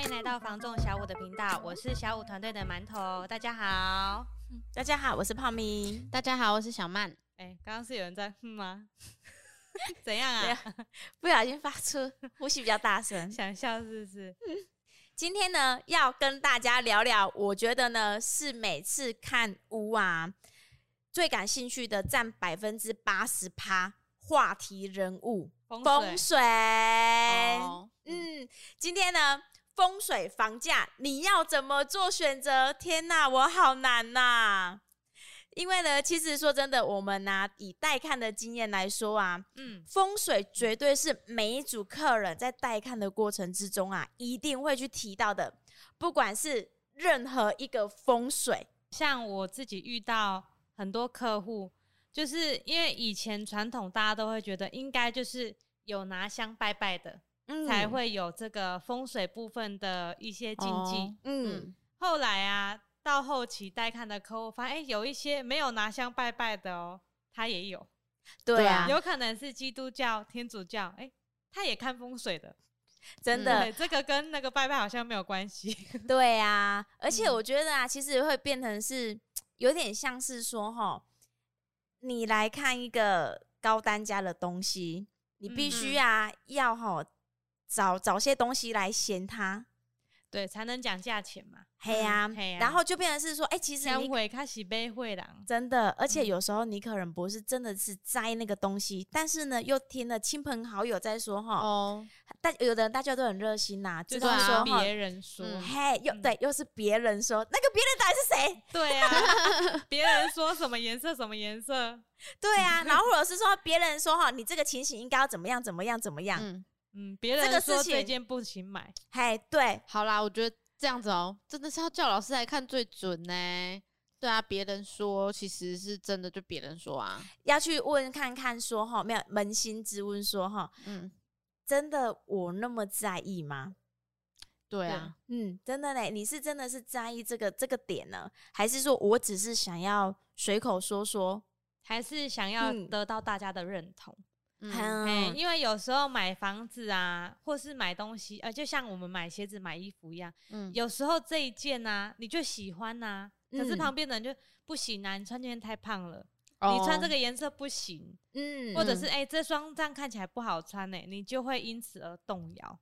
歡迎來到房仲小武的頻道，我是小武團隊的饅頭，大家好，嗯、大家好，我是泡咪，大家好，我是小曼。哎，剛剛是有人在哼嗎？ 怎樣啊樣？不小心發出，呼吸比較大聲，想笑是不是、嗯？今天呢，要跟大家聊聊，我覺得呢，是每次看屋啊，最感興趣的佔百分之八十趴話題人物風水。風水哦、嗯，今天呢？風水房價，你要怎麼做選擇？天哪，我好難吶、啊！因為呢，其實說真的，我們呢、啊、以帶看的經驗來說啊，嗯，風水絕對是每一組客人在帶看的過程之中啊，一定會去提到的。不管是任何一個風水，像我自己遇到很多客戶，就是因為以前傳統大家都會覺得應該就是有拿香拜拜的。嗯、才會有這個風水部分的一些禁忌。哦、嗯，嗯，後來啊，到後期帶看的客戶發現，哎、欸，有一些沒有拿香拜拜的哦，他也有。對啊，有可能是基督教、天主教，哎、欸，他也看風水的，真的、嗯對。這個跟那個拜拜好像沒有關係。對呀、啊，而且我覺得啊，嗯、其實會變成是有點像是說哈，你來看一個高單價的東西，你必須啊、嗯、哼要好。」找找些東西來嫌他，對，才能講價錢嘛。對呀，然後就變成是說，哎，其實你會開始背會了。真的，而且有時候你可能不是真的是摘那個東西，但是呢，又聽了親朋好友在說哈。哦。大有的人大家都很熱心啦，就是說別人說，嘿，又對，又是別人說那個別人到底是誰？對呀，別人說什麼顏色什麼顏色？對啊，然後或者是說別人說哈，你這個情形應該要怎麼樣怎麼樣怎麼樣？嗯，別人說這件，這個事情不行買，嘿，對，好啦，我覺得這樣子哦、喔，真的是要叫老師來看最準呢、欸。對啊，別人說其實是真的，就別人說啊，要去問看看說哈，沒有捫心自問說哈，嗯，真的我那麼在意嗎？對啊，嗯，真的呢，你是真的是在意這個這個點呢，還是說我只是想要隨口說說，還是想要得到大家的認同？嗯。嗯欸、因為有時候買房子啊，或是買東西，啊、呃，就像我們買鞋子、買衣服一樣，嗯、有時候這一件呢、啊，你就喜歡吶、啊，可是旁邊的人就、嗯、不行啊，你穿這件太胖了，哦、你穿這個顏色不行，嗯、或者是哎、欸，這雙這樣看起來不好穿呢、欸，你就會因此而動搖，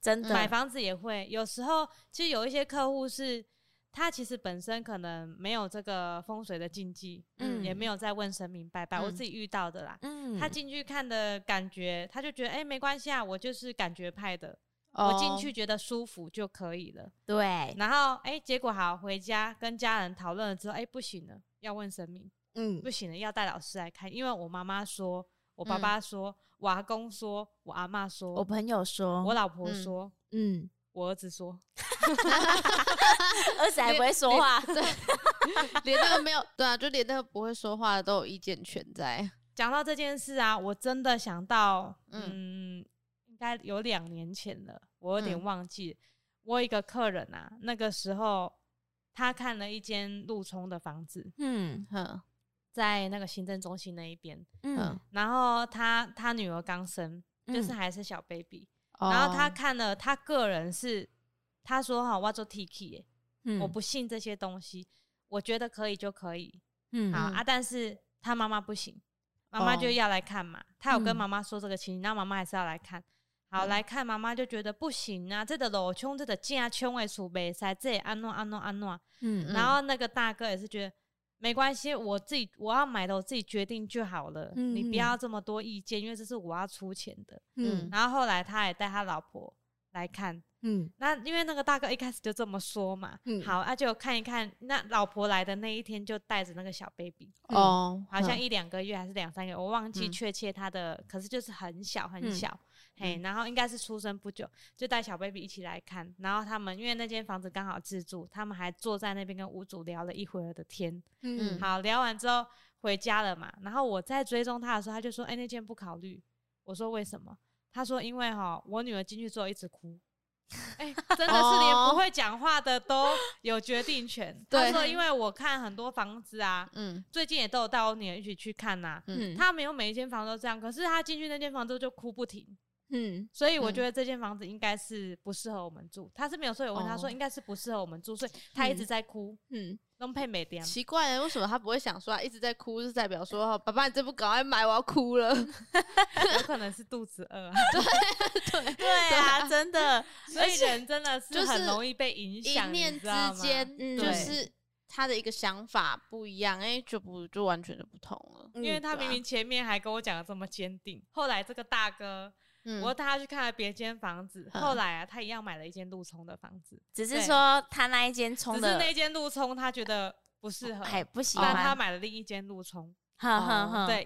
真的買房子也會有時候，其實有一些客戶是。他其實本身可能沒有這個風水的禁忌，嗯，也沒有在問神明拜拜。嗯、我自己遇到的啦，嗯，他進去看的感覺，他就覺得哎、欸，沒關係啊，我就是感覺派的，哦、我進去覺得舒服就可以了。對。然後哎、欸，結果好，回家跟家人討論了之後，哎、欸，不行了，要問神明，嗯，不行了，要帶老師來看，因為我媽媽說，我爸爸說，嗯、我阿公說，我阿嬤說，我朋友說，我老婆說，嗯。嗯我兒子說， 兒子還不會說話，對，連那個沒有對啊，就連那個不會說話的都有意見全在。講到這件事啊，我真的想到，嗯，嗯，應該有兩年前了，我有點忘記。嗯、我有一個客人啊，那個時候他看了一間路沖的房子，嗯哼，在那個行政中心那一邊，嗯，呵 然後他他女兒剛生，就是還是小 baby。嗯然後他看了，他個人是、哦、他說哈、啊，我要做 Tiky、嗯、我不信這些東西，我覺得可以就可以，嗯，嗯，好啊，啊但是他媽媽不行，媽媽就要來看嘛，哦、他有跟媽媽說這個情形，那媽媽還是要來看，好、嗯、來看媽媽就覺得不行啊，嗯、這個路沖，這個家窮的儲沒在，這安諾安諾安諾，嗯，嗯，然後那個大哥也是覺得。沒關係，我自己我要買的，我自己決定就好了。嗯嗯，你不要這麼多意見，因為這是我要出錢的。嗯嗯，然後後來他也帶他老婆來看。嗯，那因為那個大哥一開始就這麼說嘛。嗯，好，那、啊、就看一看。那老婆來的那一天，就帶着那個小 baby、嗯。哦，好像一兩個月還是兩三個月，我忘記確切他的，嗯、可是就是很小很小。嗯哎，hey, 嗯、然後應該是出生不久，就帶小 baby 一起來看。然後他們因為那間房子剛好自住，他們還坐在那邊跟屋主聊了一會兒的天。嗯，嗯，好，聊完之後回家了嘛。然後我在追蹤他的時候，他就說：“哎、欸，那間不考慮。”我說：“為什麼？”他說：“因為哈，我女兒進去之後一直哭。”哎、 欸，真的是連不會講話的都有決定權。 對，他說因為我看很多房子啊，嗯，最近也都有帶我女兒一起去看吶、啊。嗯，他沒有每一間房子都這樣，可是他進去那間房子就哭不停。嗯，所以我覺得這間房子應該是不適合我們住。他是沒有說，有問他說應該是不適合我們住，所以他一直在哭。嗯，泡咪的樣，奇怪，為什麼他不會想說？一直在哭是代表說，爸爸你這不趕快買，我要哭了。有可能是肚子餓啊。對對對啊，真的，所以人真的是就很容易被影響，一念之間，就是他的一個想法不一樣，哎就不就完全就不同了。因為他明明前面還跟我講的這麼堅定，後來這個大哥。嗯、我帶他去看了別間房子，嗯、後來啊，他一樣買了一間路沖的房子，只是說他那一間沖，只是那間路沖，他覺得不適合、哦，還不喜歡，但他買了另一間路沖，對，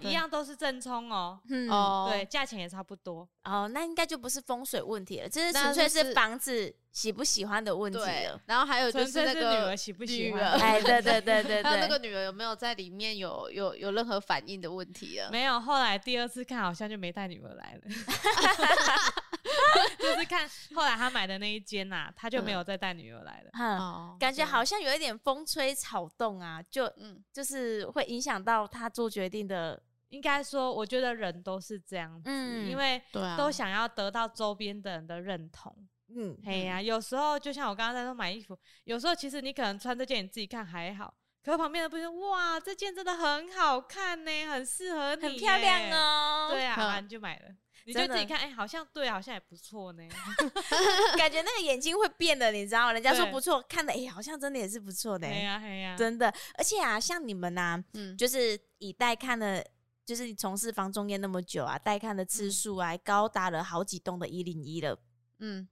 嗯、一樣都是正沖哦，嗯、對，價錢也差不多，哦，那應該就不是風水問題了，就是純粹是房子。喜不喜歡的問題，然後還有就是那個女兒，女兒喜不喜歡，哎，對對對對，對,對 他那個女兒有沒有在裡面有有有任何反應的問題了？沒有，後來第二次看好像就沒帶女兒來了， 就是看後來他買的那一間吶、啊，他就沒有再帶女兒來了。嗯，嗯嗯感覺好像有一點風吹草動啊，就嗯，對就是會影響到他做決定的。應該說，我覺得人都是這樣子，嗯、因為都想要得到周邊的人的認同。嗯，嘿呀、啊，有時候就像我剛剛在說買衣服，有時候其實你可能穿這件你自己看還好，可是旁邊的朋友說哇，這件真的很好看呢、欸，很適合你、欸，很漂亮哦。對啊，看完呵、啊、就買了，你就自己看，哎的、欸，好像對，好像也不錯呢、欸。 感覺那個眼睛會變的，你知道人家說不錯，對看的哎、欸，好像真的也是不錯的、欸。呀、啊，呀、啊，真的。而且啊，像你們吶、啊嗯，就是以帶看的，就是從事房仲介那麼久啊，帶看的次數、啊、還高達了好幾棟的一零一了。嗯。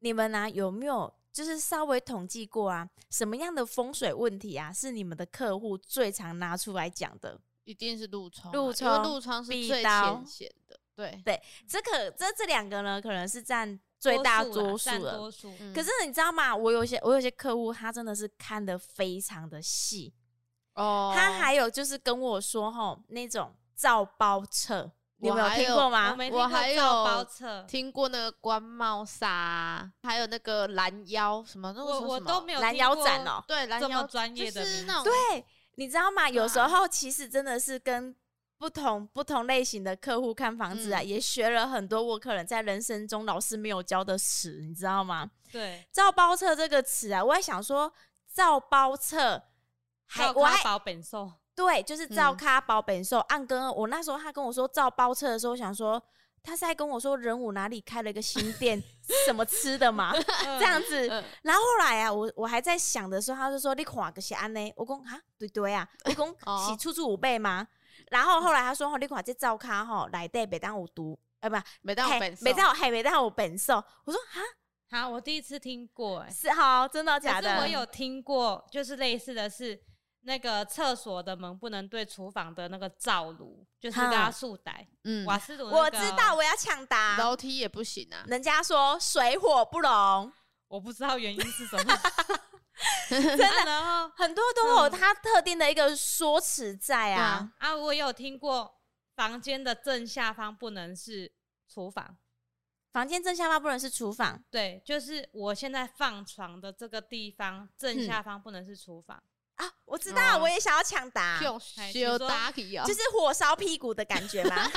你們呢、啊？有沒有就是稍微統計過啊？什麼樣的風水問題啊，是你們的客戶最常拿出來講的？一定是路沖、啊，路沖衝，路沖是最淺顯的。對刀對，這可這這兩個呢，可能是占最大數多數的、啊。嗯、可是你知道嗎？我有些我有些客戶，他真的是看得非常的細哦。嗯、他還有就是跟我說齁，那種灶包廁。有你們有，有聽過嗎？我，過，包我還有聽過那個官帽煞，還有那個攔腰什麼那種什麼攔腰斬哦，對，攔腰這麼專業的名字，對，你知道嗎？啊、有時候其實真的是跟不同不同類型的客戶看房子啊，嗯、也學了很多我可能在人生中老師沒有教的詞，你知道嗎？對，造包車這個詞啊，我還想說造包車，海外保本收。對，就是照咖包本收。按哥、嗯，我那時候他跟我說照包車的時候，我想說他是在跟我說仁武哪裡開了一個新店， 什麼吃的嘛， 這樣子。 然後後來啊，我我還在想的時候，他就說你跨個寫安嘞，我說啊對,對對啊，我講寫出租五倍嗎？嗯、然後後來他說、喔、你跨這照咖吼來對，每單我讀呃不每單我本每單我海每單我本色我說哈好，我第一次聽過、欸，是好、喔、真的假的？我有聽過，就是類似的是。那個廁所的門，不能對廚房的那個灶爐，就是家屬帶，嗯，瓦斯爐、那個。我知道，我要搶答。樓梯也不行啊！人家說水火不容，我不知道原因是什麼。 真的，然後，很多都有它特定的一個說辭在啊、嗯、啊！我有聽過，房間的正下方不能是廚房，房間正下方不能是廚房。對，就是我現在放床的這個地方正下方不能是廚房。嗯啊，我知道，嗯、我也想要搶答，答題、喔、就是火燒屁股的感覺嗎？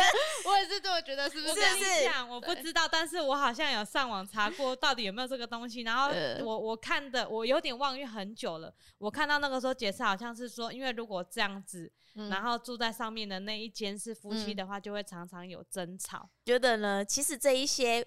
我也是這麼覺得，是不是剛剛？我跟你講，我不知道，對但是我好像有上網查過到底有沒有這個東西。然後我對我看的，我有點忘於很久了。我看到那個時候解釋，好像是說，因為如果這樣子，嗯、然後住在上面的那一間是夫妻的話，嗯、就會常常有爭吵。覺得呢，其實這一些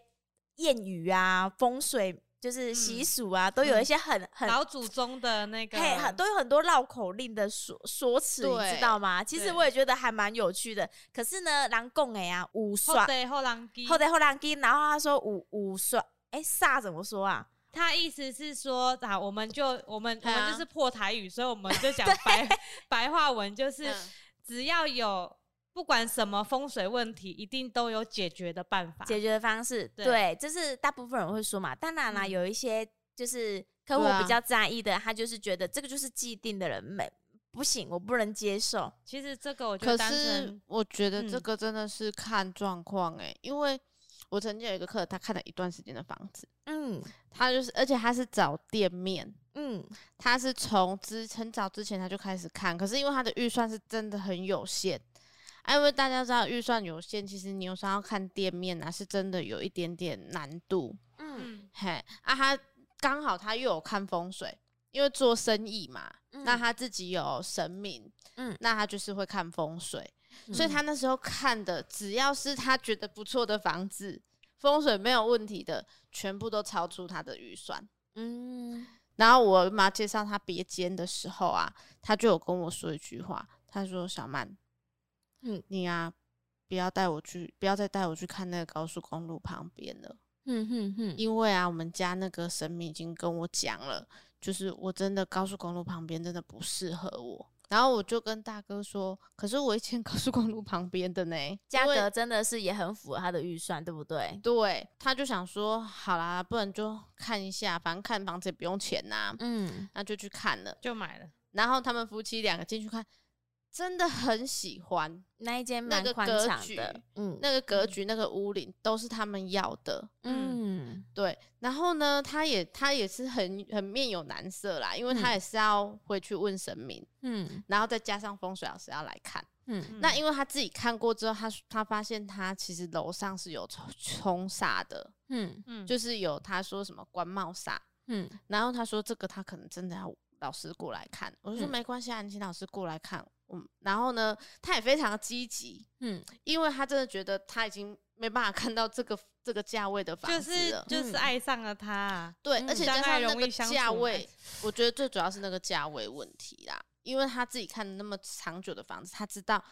諺語啊，風水。就是習俗啊，嗯、都有一些很、嗯、很老祖宗的那個，嘿，都有很多繞口令的說說辭，你知道嗎？對其實我也覺得還蠻有趣的。可是呢，狼共哎呀，五耍後台後狼機，後台後狼，然後他說五五耍哎煞怎麼說啊？他意思是說啊，我們就我們我們就是破台語，啊、所以我們就講白 對 白話文，就是只要有。不管什麼風水問題，一定都有解決的辦法，解決的方式。對，對，這是大部分人會說嘛。當然啦，啊，嗯、有一些就是客戶比較在意的，啊、他就是覺得這個就是既定的人美不行，我不能接受。其實這個我，我覺得，可是我覺得這個真的是看狀況誒。嗯、因為我曾經有一個客，他看了一段時間的房子，嗯，他就是，而且他是找店面，嗯，他是從之很早之前他就開始看，可是因為他的預算是真的很有限。啊、因為大家知道預算有限，其實你有時候要看店面啊，是真的有一點點難度。嗯，嘿，啊，他剛好他又有看風水，因為做生意嘛，嗯、那他自己有神明，嗯，那他就是會看風水，嗯、所以他那時候看的，只要是他覺得不錯的房子，風水沒有問題的，全部都超出他的預算。嗯，然後我嘛介紹他別間的時候啊，他就有跟我說一句話，他說：“小曼。”嗯，你啊，不要帶我去，不要再帶我去看那個高速公路旁邊了。嗯哼哼，嗯嗯、因為啊，我們家那個神明已經跟我講了，就是我真的高速公路旁邊真的不適合我。然後我就跟大哥說，可是我以前高速公路旁邊的呢，價格真的是也很符合他的預算，對不對？對，他就想說，好啦，不然就看一下，反正看房子也不用錢吶、啊。嗯，那就去看了，就買了。然後他們夫妻兩個進去看。真的很喜歡那一間，那個格局，嗯，那個格局，那個屋頂都是他們要的，嗯，對。然後呢，他也他也是很很面有難色啦，因為他也是要回去問神明，嗯，然後再加上風水老師要來看，嗯，那因為他自己看過之後，他他發現他其實樓上是有沖沖煞的，嗯，就是有他說什麼官帽煞，嗯，然後他說這個他可能真的要老師過來看，我說沒關係，啊，你請老師過來看。嗯，然後呢，他也非常的積極，嗯，因為他真的覺得他已經沒辦法看到這個這個價位的房子了，就是、就是愛上了他、啊，嗯、對，嗯、而且加上那個價位，我覺得最主要是那個價位問題啦，因為他自己看的那麼長久的房子，他知道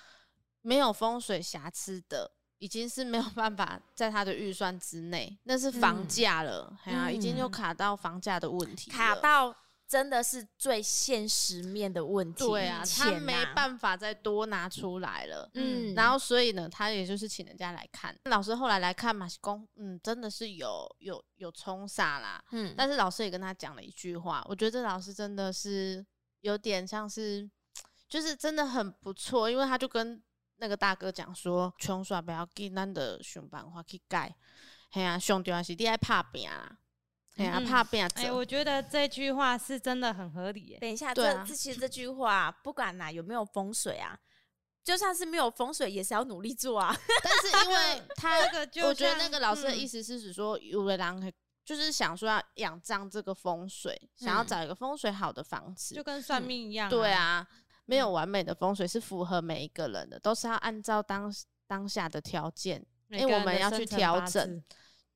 沒有風水瑕疵的，已經是沒有辦法在他的預算之內，那是房價了，嗯哎、呀，嗯、已經就卡到房價的問題了，卡到。真的是最現實面的問題，對啊，他沒辦法再多拿出來了，嗯，然後所以呢，他也就是請人家來看老師，後來來看嘛，是公，嗯，真的是有有有沖煞啦，嗯，但是老師也跟他講了一句話，我覺得這老師真的是有點像是，就是真的很不錯，因為他就跟那個大哥講說，沖煞不要緊嘛的凶板話去改，係啊，凶到還是愛打拼啊。對啊，怕變、嗯嗯！欸、我覺得這句話是真的很合理、欸。等一下，對啊、這其實這句話不管啦有沒有風水啊，就算是沒有風水，也是要努力做啊。但是因為他， 那個就我覺得那個老師的意思是指說，嗯、有的人就是想說要仰仗這個風水，嗯、想要找一個風水好的房子，就跟算命一樣、啊嗯。對啊，沒有完美的風水是符合每一個人的，都是要按照當當下的條件，因為、嗯欸、我們要去調整。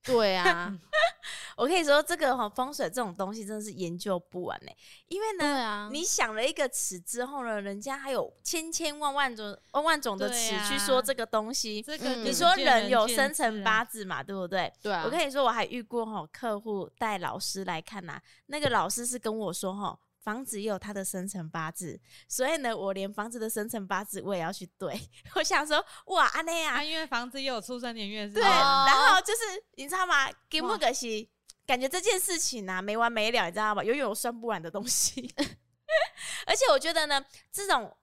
對啊， 我可以說這個哈、哦、風水這種東西真的是研究不完哎、欸，因為呢，啊、你想了一個詞之後呢，人家還有千千萬萬種萬萬種的詞去說這個東西。啊嗯、你說人有生辰八字嘛，嗯、對不對不？對啊。我跟你說，我還遇過哈、哦、客戶帶老師來看吶、啊，那個老師是跟我說哈、哦。房子也有它的生辰八字，所以呢，我連房子的生辰八字我也要去對。我想說，哇，阿內啊，啊，因為房子也有出生年月日。對，然後就是你知道嗎？o 木可惜，感覺這件事情啊哇沒完沒了，你知道嗎？永遠有算不完的東西。 而且我覺得呢，這種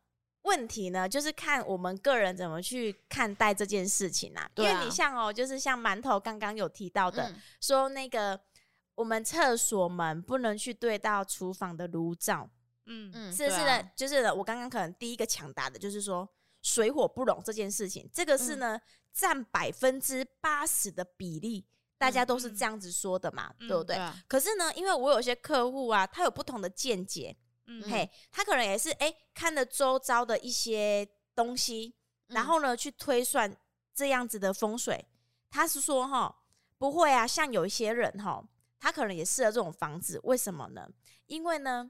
問題呢，就是看我們個人怎麼去看待這件事情啊。啊因為你像哦、喔，就是像饅頭剛剛有提到的，嗯、說那個。我們廁所門不能去對到廚房的爐灶，嗯嗯，嗯是是的，啊、就是呢，我剛剛可能第一個搶答的，就是說水火不容這件事情，這個是呢佔百分之八十的比例，大家都是這樣子說的嘛，嗯、對不對？嗯對啊、可是呢，因為我有些客戶啊，他有不同的見解，嗯嘿，他可能也是哎、欸，看了周遭的一些東西，然後呢、嗯、去推算這樣子的風水，他是說哈，不會啊，像有一些人哈。他可能也適合這種房子，為什麼呢？因為呢，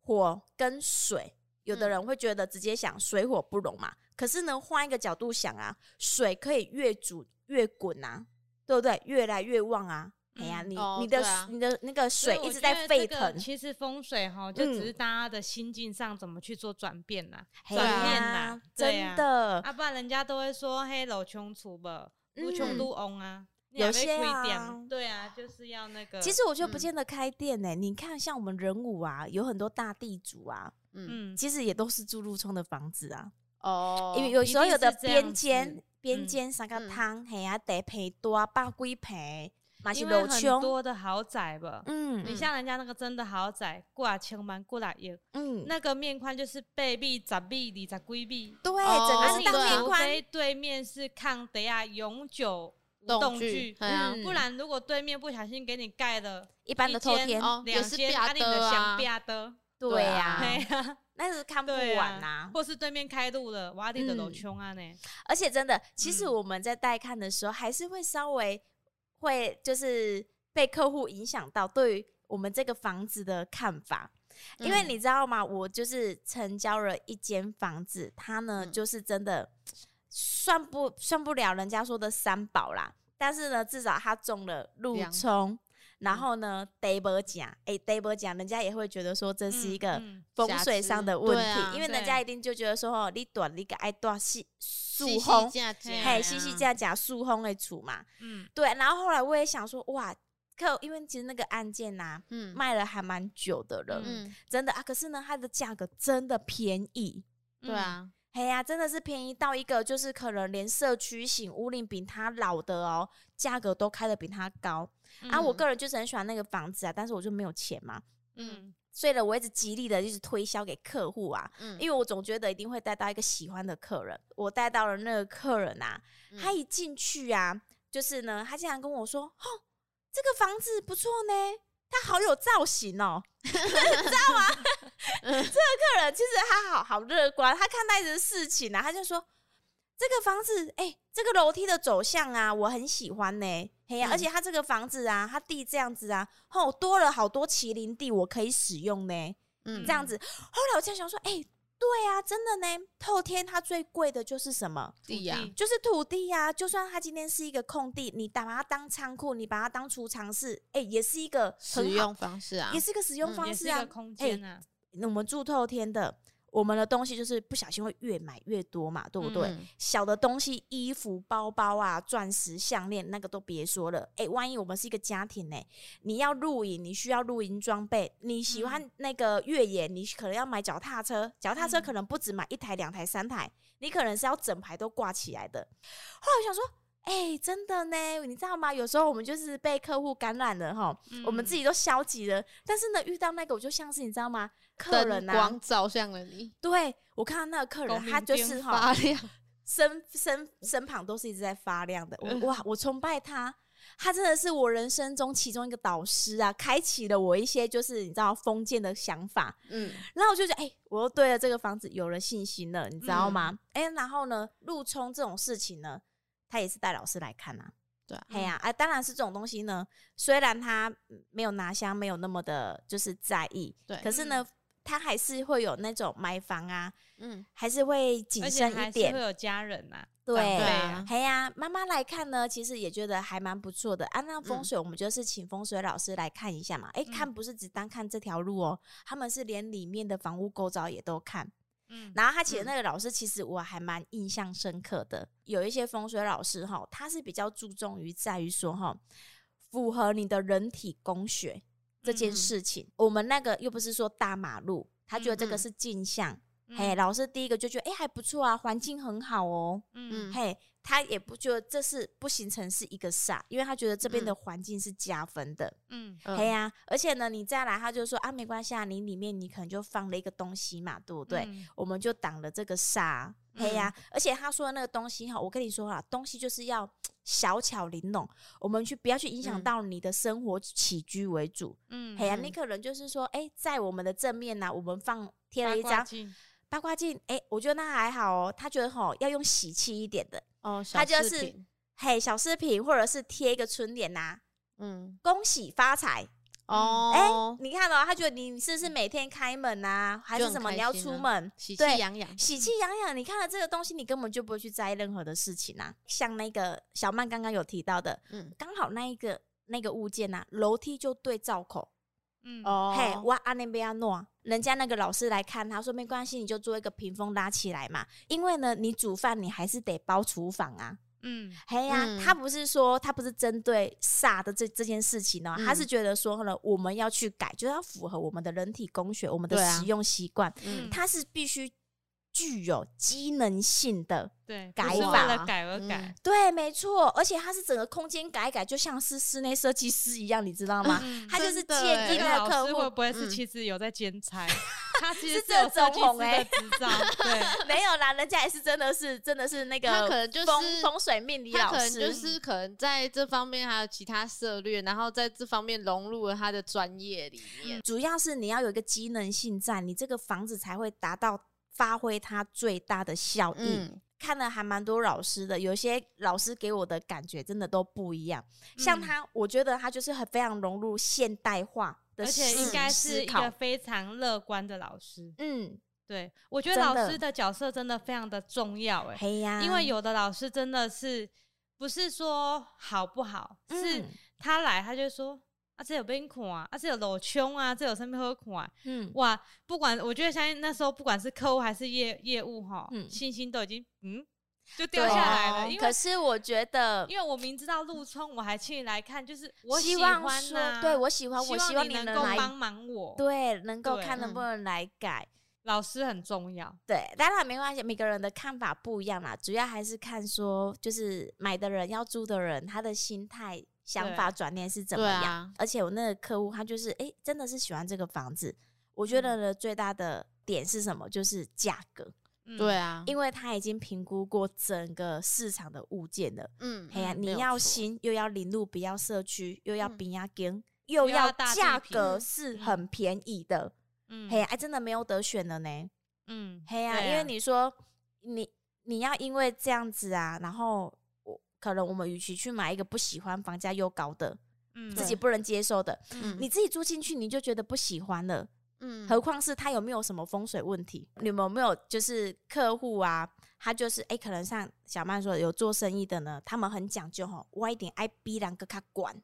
火跟水，有的人會覺得直接想水火不容嘛。嗯、可是呢，換一個角度想啊，水可以越煮越滾啊，對不對？越來越旺啊！哎呀、嗯啊，你、哦、你的、啊、你的那個水一直在沸騰。其實風水齁，就只是大家的心境上怎麼去做轉變啊。轉、嗯、變啦、啊，啊啊、真的啊，啊不然人家都會說嘿，老窮土吧，不窮不翁啊。嗯有些啊，對啊，就是要那個。其實我就不見得開店呢。你看，像我們仁武啊，有很多大地主啊，嗯，其實也都是住路沖的房子啊。哦，因為有所有的邊間邊間三個湯，嘿呀，得陪多，八規陪。因為很多的豪宅吧，嗯，你像人家那個真的豪宅，掛千萬掛一，嗯，那個面寬就是八米、十米、二十幾米，對，整個是大面寬對面是抗得呀永久。不然如果對面不小心給你蓋了，一般的天，也是癟的啊，對呀，那是看不完吶，或是對面開路了，洼地的都窮啊呢。而且真的，其實我們在帶看的時候，還是會稍微會就是被客戶影響到對於我們這個房子的看法，因為你知道嗎？我就是成交了一間房子，它呢就是真的算不算不了人家說的三寶啦。但是呢，至少他中了路衝，涼然後呢，double 獎，誒 double 獎，人家也會覺得說，這是一個風水上的問題，嗯嗯、因為人家一定就覺得說，哦，你短，你個愛斷是樹風，嘿，細細這樣講豎風會主嘛，對。然後後來我也想說，哇，靠，因為其實那個案件吶、啊，嗯、賣了還蠻久的了，嗯、真的啊。可是呢，它的價格真的便宜，嗯、對啊。哎呀、啊，真的是便宜到一個，就是可能連社區型屋齡比它老的哦，價格都開得比它高、嗯、啊！我個人就是很喜歡那個房子啊，但是我就沒有錢嘛，嗯，所以呢，我一直極力的就是推銷給客戶啊，嗯，因為我總覺得一定會帶到一個喜歡的客人，我帶到了那個客人啊，嗯、他一進去啊，就是呢，他竟然跟我說，哦，這個房子不錯呢，他好有造型哦， 知道嗎？ 這個客人其實他好好樂觀，他看待人事情呢、啊，他就說，這個房子，哎、欸，這個樓梯的走向啊，我很喜歡呢、欸。呀、啊，嗯、而且他這個房子啊，他地這樣子啊，好、哦、多了，好多麒麟地我可以使用呢、欸。嗯，這樣子。後來我就想說，哎、欸，對啊，真的呢。透天他最貴的就是什麼？地呀、啊，就是土地呀、啊。就算他今天是一個空地，你打把它當倉庫，你把它當儲藏室，哎、欸，也是，啊、也是一個使用方式啊，嗯、也是一個使用方式啊，空間啊。那我們住透天的，我們的東西就是不小心會越買越多嘛，對不對？嗯、小的東西，衣服、包包啊，鑽石項鏈那個都別說了。誒、欸，萬一我們是一個家庭呢、欸？你要露營，你需要露營裝備。你喜歡那個越野，你可能要買腳踏車，腳踏車可能不止買一台、嗯、一台、兩台、三台，你可能是要整排都掛起來的。後來我想說，誒、欸，真的呢，你知道嗎？有時候我們就是被客戶感染了，吼、嗯，我們自己都消極了。但是呢，遇到那個，我就像是你知道嗎？客人吶、啊，光照向了你。對，我看到那個客人，平平他就是、喔、發亮，身身身旁都是一直在發亮的。嗯、我我我崇拜他，他真的是我人生中其中一個導師啊，開啟了我一些就是你知道封建的想法。嗯，然後我就覺得，哎、欸，我又對了這個房子有了信心了，你知道嗎？誒、嗯欸，然後呢，路沖這種事情呢，他也是帶老師來看啊。嗯、對，哎呀，啊，當然是這種東西呢，雖然他沒有拿香，沒有那麼的就是在意，對，可是呢。嗯他還是會有那種買房啊，嗯，還是會謹慎一點，還是會有家人吶、啊啊，對、啊，對，哎呀，媽媽來看呢，其實也覺得還蠻不錯的、嗯、啊。那風水，我們就是請風水老師來看一下嘛。哎、嗯欸，看不是只單看這條路哦、喔，嗯、他們是連裡面的房屋構造也都看。嗯，然後他請那個老師，其實我還蠻印象深刻的。嗯、有一些風水老師哈，他是比較注重於在於說哈，符合你的人體工學。這件事情，嗯、我們那個又不是說大馬路，他覺得這個是鏡像，嗯嗯、老師第一個就覺得哎、欸、還不錯啊，環境很好哦，嗯嘿，他也不覺得這是不形成是一個煞，因為他覺得這邊的環境是加分的，嗯嘿呀、啊，而且呢，你再來，他就說啊，沒關係啊，你裡面你可能就放了一個東西嘛，對不對？嗯、我們就擋了這個煞。嗯、嘿呀、啊，而且他說的那個東西哈，我跟你說啊，東西就是要小巧玲瓏，我們去不要去影響到你的生活起居為主。嗯，嘿呀、啊，嗯、你可能就是說，誒、欸，在我們的正面吶、啊，我們放貼了一張八卦鏡，誒、欸，我覺得那還好哦。他覺得吼要用喜氣一點的哦，他就是嘿小飾品或者是貼一個春聯吶、啊，嗯，恭喜發財。嗯欸，哦，哎，你看哦，他覺得你是不是每天開門吶、啊，還是什麼、啊、你要出門？喜氣洋洋，對喜氣洋洋。 你看到這個東西，你根本就不會去在意任何的事情啊。像那個小曼剛剛有提到的，嗯，剛好那一個那個物件吶、啊，樓梯就對灶口，嗯，哦，嘿，哇，阿涅比亞諾，人家那個老師來看他，說沒關係，你就做一個屏風拉起來嘛，因為呢，你煮飯你還是得包廚房啊。嗯，嘿呀、啊嗯，他不是說他不是針對煞的這這件事情呢、喔？嗯、他是覺得說呢，我們要去改，就是要符合我們的人體工學，我們的使用習慣。啊、嗯，他是必須具有機能性的法，對，改為了改而改、嗯，對，沒錯。而且他是整個空間改一改，就像是室內設計師一樣，你知道嗎？嗯、他就是建議了客戶會不會是其實有在兼差。嗯 他其實是正宗紅哎，執照？對，沒有啦，人家也是真的是，真的是那個風，可能就是、風水命理老師，就是可能在這方面還有其他涉獵，然後在這方面融入了他的專業裡面。主要是你要有一個機能性在，你這個房子才會達到發揮它最大的效應、嗯、看了還蠻多老師的，有些老師給我的感覺真的都不一樣。嗯、像他，我覺得他就是很非常融入現代化。而且應該是一個非常樂觀的老師。嗯，對，的我覺得老師的角色真的非常的重要、欸。哎、啊，呀，因為有的老師真的是不是說好不好，嗯、是他來他就說，啊，這有辛苦啊，這有裸胸啊，這有生病喝苦啊。嗯，哇，不管，我覺得相信那時候不管是客戶還是業業務哈，嗯、信心都已經嗯。就掉下來了，啊、因為可是我覺得，因為我明知道路沖我還去來看，就是我喜歡、啊、希望對我喜歡，我希望你能夠幫忙我，對，能夠看能不能來改。嗯、老師很重要，對，當然沒關係，每個人的看法不一樣啦，主要還是看說，就是買的人要租的人，他的心態、想法、轉念是怎麼樣。啊、而且我那個客戶他就是，哎，真的是喜歡這個房子。我覺得的最大的點是什麼？就是價格。對啊，因為他已經評估過整個市場的物件了。嗯，嘿呀，你要新，又要臨路，不要社區，又要邊間，又要價格是很便宜的。嗯，嘿呀，哎，真的沒有得選了呢。嗯，嘿呀，因為你說你你要因為這樣子啊，然後我可能我們與其去買一個不喜歡、房價又高的，嗯，自己不能接受的，嗯，你自己住進去你就覺得不喜歡了。嗯，何況是他有沒有什麼風水問題？你們有沒有就是客戶啊？他就是哎、欸，可能像小曼說的有做生意的呢，他們很講究吼歪點挨逼，兩個卡管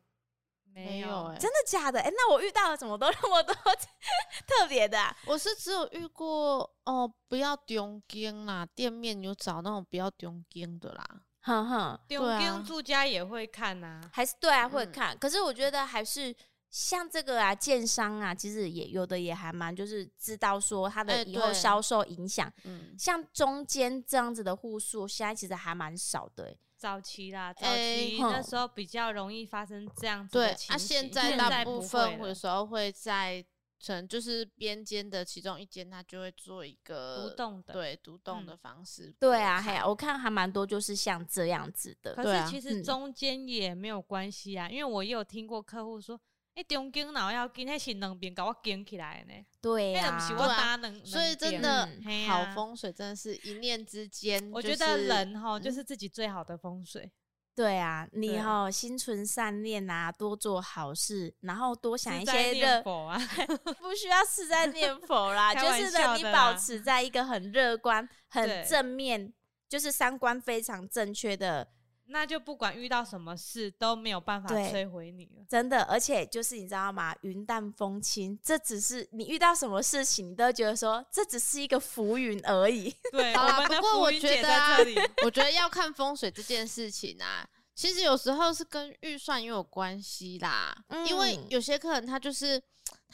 沒有、欸？真的假的？哎、欸，那我遇到了怎麼都那麼多 特別的、啊？我是只有遇過哦，不要中間啦，店面有找那種不要中間的啦，哈哈，中間、啊、住家也會看啊，還是對啊會看，嗯、可是我覺得還是。像這個啊，建商啊，其實也有的也還蠻，就是知道說他的以後銷售影響。欸、對嗯，像中間這樣子的戶數，現在其實還蠻少的、欸。早期啦，早期、欸、那時候比較容易發生這樣子的情形。那、嗯啊、現在大部分，或者時候會在，在會可能就是邊間的其中一間，他就會做一個獨棟的，對獨棟的方式。嗯、對啊，我看還蠻多，就是像這樣子的。可是其實中間也沒有關係啊，嗯、因為我也有聽過客戶說。你中緊，然後要今天是能變搞我盯起來呢？對呀、啊啊，所以真的、啊、好風水，真的是一念之間、就是。我覺得人哈，就是自己最好的風水。對啊，你哈、啊、心存善念啊，多做好事，然後多想一些熱念啊， 不需要實在念佛啦， 的啦，就是讓你保持在一個很樂觀、很正面，對就是三觀非常正確的。那就不管遇到什麼事都沒有辦法摧毀你真的。而且就是你知道嗎？雲淡風輕，這只是你遇到什麼事情，你都覺得說這只是一個浮雲而已。對， 啊不過我覺得、啊、 我覺得要看風水這件事情啊，其實有時候是跟預算也有關係啦，嗯、因為有些客人他就是。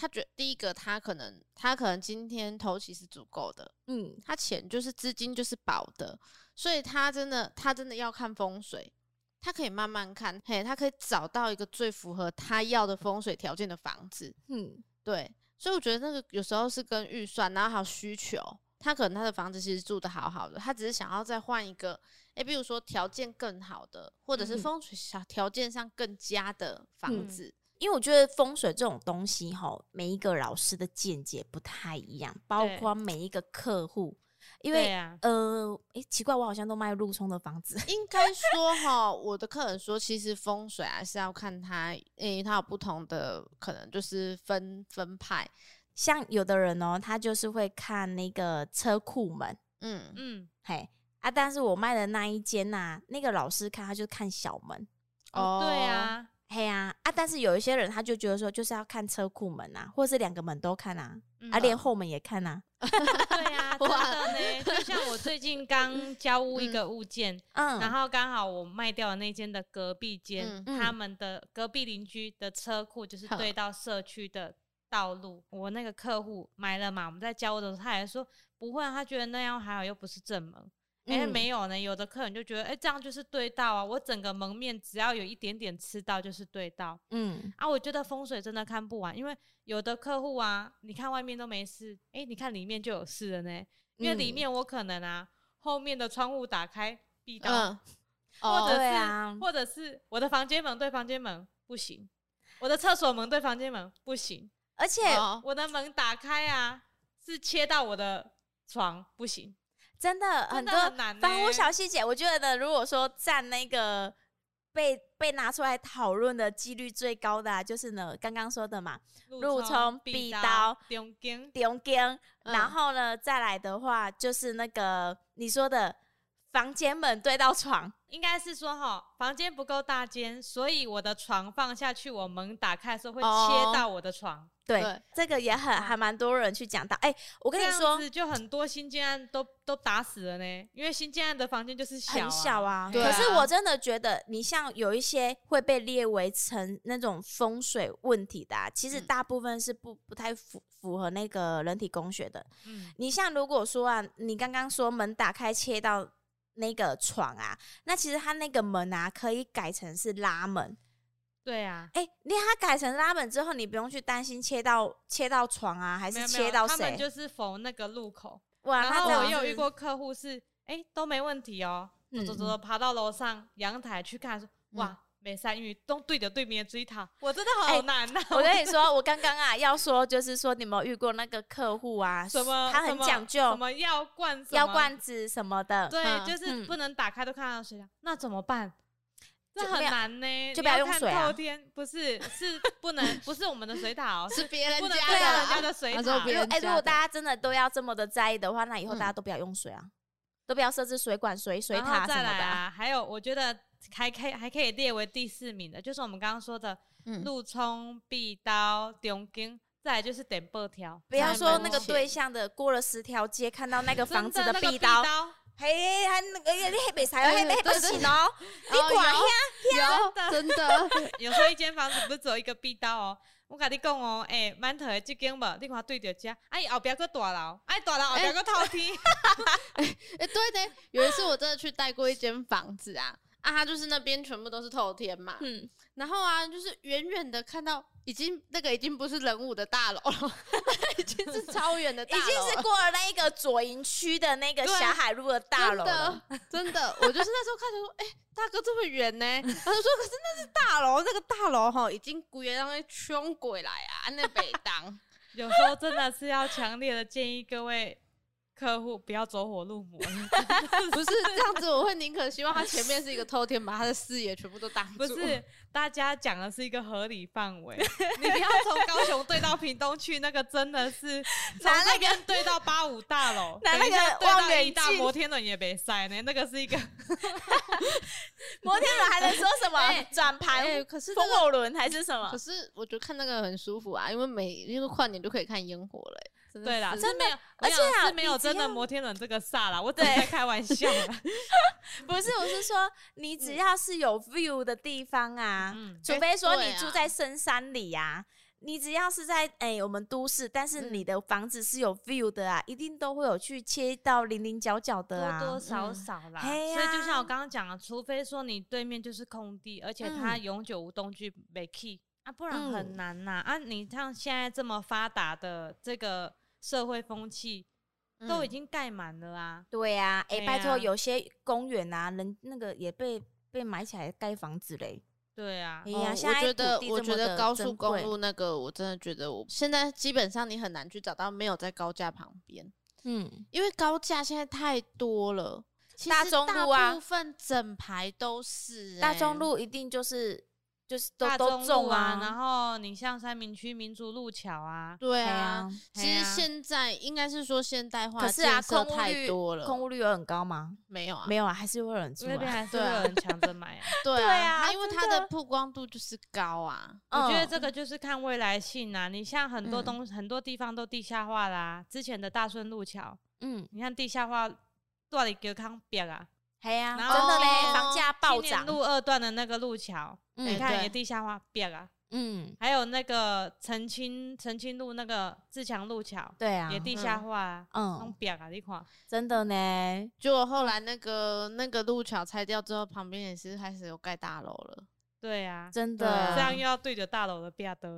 他覺得第一個，他可能他可能今天頭期是足夠的，嗯，他錢就是資金就是保的，所以他真的他真的要看風水，他可以慢慢看，嘿，他可以找到一個最符合他要的風水條件的房子，嗯，對，所以我覺得那個有時候是跟預算，然後還有需求，他可能他的房子其實住得好好的，他只是想要再換一個，誒、欸，比如說條件更好的，或者是風水條件上更佳的房子。嗯嗯因為我覺得風水這種東西，哈，每一個老師的見解不太一樣，包括每一個客戶。對因為、啊、呃誒，奇怪，我好像都賣路沖的房子。應該說，哈， 我的客人說，其實風水還、啊、是要看他，因為他有不同的，可能就是分分派。像有的人哦，他就是會看那個車庫門。嗯嗯，嗯嘿啊，但是我賣的那一間吶、啊，那個老師看他就看小門。哦，對啊。嘿啊啊！但是有一些人他就覺得說，就是要看車庫門啊，或是兩個門都看啊，嗯、啊，嗯、連後門也看啊。 對啊，對，就像我最近剛交屋一個物件，嗯，嗯然後剛好我賣掉了那間的隔壁間，嗯嗯、他們的隔壁鄰居的車庫就是對到社區的道路，好我那個客戶買了嘛，我們在交屋的時候他還說不會啊，他覺得那樣還好，又不是正門。哎、欸，沒有呢。有的客人就覺得，哎、欸，這樣就是對到啊。我整個門面只要有一點點吃到，就是對到。嗯啊，我覺得風水真的看不完，因為有的客戶啊，你看外面都沒事，哎、欸，你看裡面就有事了呢。嗯、因為裡面我可能啊，後面的窗戶打開閉到，嗯、或者是，或者是我的房間門對房間門不行，我的廁所門對房間門不行，而且、欸哦、我的門打開啊，是切到我的床不行。真的，真的很多，欸、房屋小細節，我覺得呢，如果說占那個被被拿出來討論的幾率最高的、啊，就是呢剛剛說的嘛，路沖、壁刀、中間、中間、然後呢、嗯、再來的話就是那個你說的。房間門對到床。應該是說哈，房間不夠大間，所以我的床放下去，我門打開的時候會切到我的床。Oh, 對，對這個也很、啊、還蠻多人去講到。哎、欸，我跟你說，就很多新建案都都打死了呢，因為新建案的房間就是小、啊、很小啊。啊可是我真的覺得，你像有一些會被列為成那種風水問題的、啊，其實大部分是不、嗯、不太符符合那個人體工學的。嗯，你像如果說啊，你剛剛說門打開切到。那個床啊，那其實它那個門啊，可以改成是拉門，對啊，誒、欸，你把它改成拉門之後，你不用去擔心切到切到床啊，還是切到誰？他們就是縫那個路口，哇，然後我也有遇過客戶是，哎、欸，都沒問題哦、喔，嗯、走走走走，爬到樓上陽台去看，說哇。嗯每三魚都對着對面水塔，我真的好難吶。我跟你說，我剛剛啊要說，就是說，你們遇過那個客戶啊？什麼他很講究，什麼藥罐藥罐子什麼的？對，就是不能打開都看到水了。那怎麼辦？這很難呢，就不要用水。後天不是是不能，不是我們的水塔，是別人家的人家的水塔。如果大家真的都要這麼的在意的話，那以後大家都不要用水啊，都不要設置水管、水水塔什麼的。還有，我覺得。還可以還可以列為第四名的，就是我們剛剛說的路沖壁刀、吊金，再來就是點百條。不要說那個對象的，過了十條街看到那個房子的壁刀，還還那個你黑白啥？還沒不行哦！你管呀？真的，真的。有時候一間房子不只有一個壁刀哦。我跟你講哦，哎，饅頭的這間吧，你看對着家，哎，後邊個大樓，哎，大樓後邊個偷聽。哎，對的，有一次我真的去帶過一間房子啊。啊，他就是那邊全部都是透天嘛，嗯、然後啊，就是遠遠的看到已經那個已經不是仁武的大樓了， 已經是超遠的大樓了， 已經是過了那個左營區的那個霞海路的大樓了。真的，真的，我就是那時候看他說，哎、 欸，大哥這麼遠呢， 他就說可是那是大樓，那個大樓齁已經鬼讓那窮鬼來啊，那北當有時候真的是要強烈的建議各位，客戶不要走火入魔， 不是這樣子，我會寧可希望他前面是一個透天，把他的視野全部都擋住。 大家講的是一個合理範圍，你不要從高雄對到屏東去，那個真的是從那邊對到八五大樓，那個對到一大摩天輪也別曬呢。那個是一個 摩天輪，還能說什麼轉盤、欸欸？可是、這個、風火輪還是什麼？可是我覺得看那個很舒服啊，因為每因為跨年就可以看煙火了、欸。對啦，真的沒有，而且、啊、是沒有真的摩天輪這個煞了。我在開玩笑啦對 笑不是，我是說你只要是有 view 的地方啊。除非說你住在深山裡呀，你只要是在哎我們都市，但是你的房子是有 view 的啊，一定都會有去切到零零角角的，多多少少啦。所以就像我剛剛講的，除非說你對面就是空地，而且它永久無東區沒 key 啊，不然很難吶啊！你像現在這麼發達的這個社會風氣，都已經蓋滿了啊，對啊，哎，拜托，有些公園吶，人那個也被被買起來蓋房子嘞。對啊，呀、哦，我覺得我覺得高速公路那個，我真的覺得，我現在基本上你很難去找到沒有在高架旁邊，嗯，因為高架現在太多了，大中路啊、其實大部分整排都是、欸、大中路，一定就是。就是都都重啊，然後你像三民區民族路橋啊，對啊，其實現在應該是說現代化，可是啊，空太多了，空屋率有很高嗎？沒有啊，沒有啊，還是有人住啊，那邊還是有人搶着買啊，對啊，因為它的曝光度就是高啊，我覺得這個就是看未來性啊，你像很多東很多地方都地下化啦，之前的大順路橋，嗯，你看地下化到底健康不健哎呀，真的嘞！房價暴漲，路二段的那個路橋，你看也地下化變了，嗯，還有那個澄清、澄清路那個自強路橋，對啊，也地下化，嗯，變了你看，真的呢。就後來那個那個路橋拆掉之後，旁邊也是開始有蓋大樓了，對啊，真的，這樣又要對着大樓的壁刀。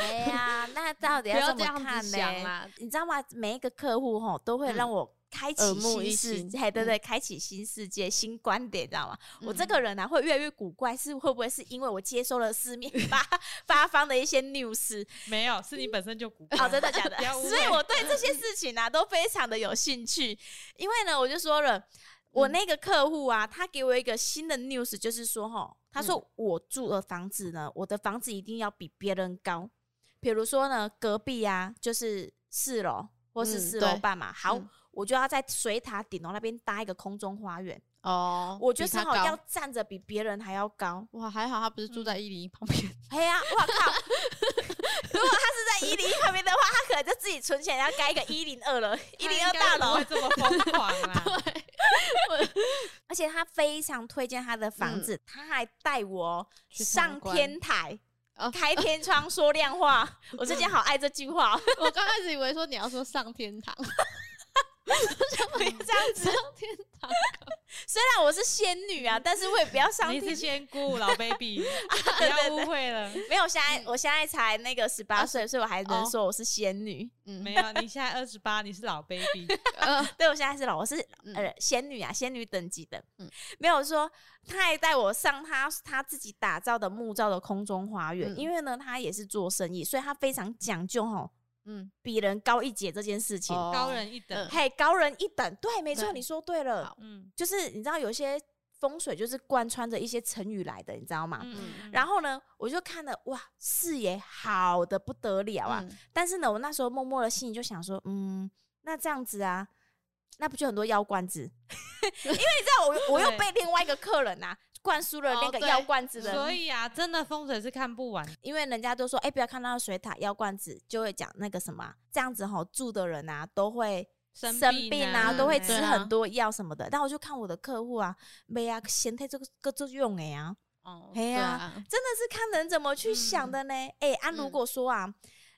哎呀，那到底要怎麼看呢？你知道嗎？每一個客戶吼都會讓我。開啟新世界，對對，嗯、開啟新世界、新觀點，知道嗎？嗯、我這個人啊，會越來越古怪，是會不會是因為我接收了四面八八方的一些 news？沒有，是你本身就古怪，嗯哦、真的假的？所以我對這些事情啊，都非常的有興趣。嗯、因為呢，我就說了，我那個客戶啊，他給我一個新的 news，就是說，齁，他說我住的房子呢，我的房子一定要比別人高，比如說呢，隔壁啊，就是四樓或是四樓半嘛，嗯、好。嗯我就要在水塔頂樓、喔、那邊搭一個空中花園哦，我覺得好像要站着比別人還要高。高。哇，還好他不是住在一零一旁邊。哎呀、嗯，我靠！如果他是在一零一旁邊的話，他可能就自己存錢要蓋一個一零二了，一零二大樓這麼瘋狂啊！ 對， 而且他非常推薦他的房子，嗯、他還帶我上天台、嗯、開天窗說亮話， 我之前好愛這句話、喔。 我剛開始以為說你要說上天堂。 為什麼可以這樣子？雖然我是仙女啊，但是我也不要上天。你是仙姑，老 baby，不要誤會了。沒有，現在我現在才那個十八歲，所以我還能說我是仙女。沒有，你現在二十八，你是老 baby。對，我現在是老，我是呃仙女啊，仙女等級的。嗯，沒有說，他還帶我上他他自己打造的木造的空中花園，因為呢，他也是做生意，所以他非常講究哦。嗯，比人高一截這件事情，哦、高人一等，嘿、嗯，高人一等，對，沒錯，嗯、你說對了，好嗯，就是你知道有些風水就是貫穿着一些成語來的，你知道嗎？嗯，然後呢，我就看了，哇，視野好得不得了啊！嗯、但是呢，我那時候默默的心裡就想說，嗯，那這樣子啊，那不就很多妖怪子？嗯、 因為你知道我，我我又被另外一個客人吶、啊。對 灌輸了那個藥罐子的，所以啊，真的風水是看不完，因為人家都說，哎、欸，不要看到水塔、藥罐子，就會講那個什麼，這樣子吼住的人啊，都會生病啊，都會吃很多藥什麼的。但我就看我的客戶啊，沒啦啊，鹹菜這個，各作用哎哦、啊，哎呀、啊，真的是看人怎麼去想的呢？哎、嗯，按、欸啊、如果說啊，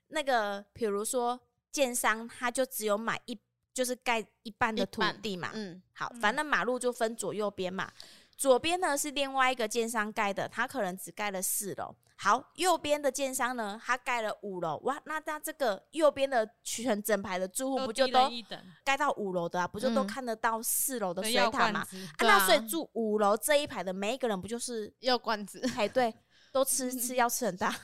那個比如說建商，他就只有買一，就是蓋一半的土地嘛，嗯，好，嗯、反正馬路就分左右邊嘛。左邊呢是另外一個建商蓋的，他可能只蓋了四樓。好，右邊的建商呢，他蓋了五樓。哇，那那這個右邊的全整排的住戶不就都蓋到五樓的、啊，不就都看得到四樓的水塔嘛、嗯啊啊？那所以住五樓這一排的每一個人不就是藥罐子？哎，對，都吃吃藥吃很大。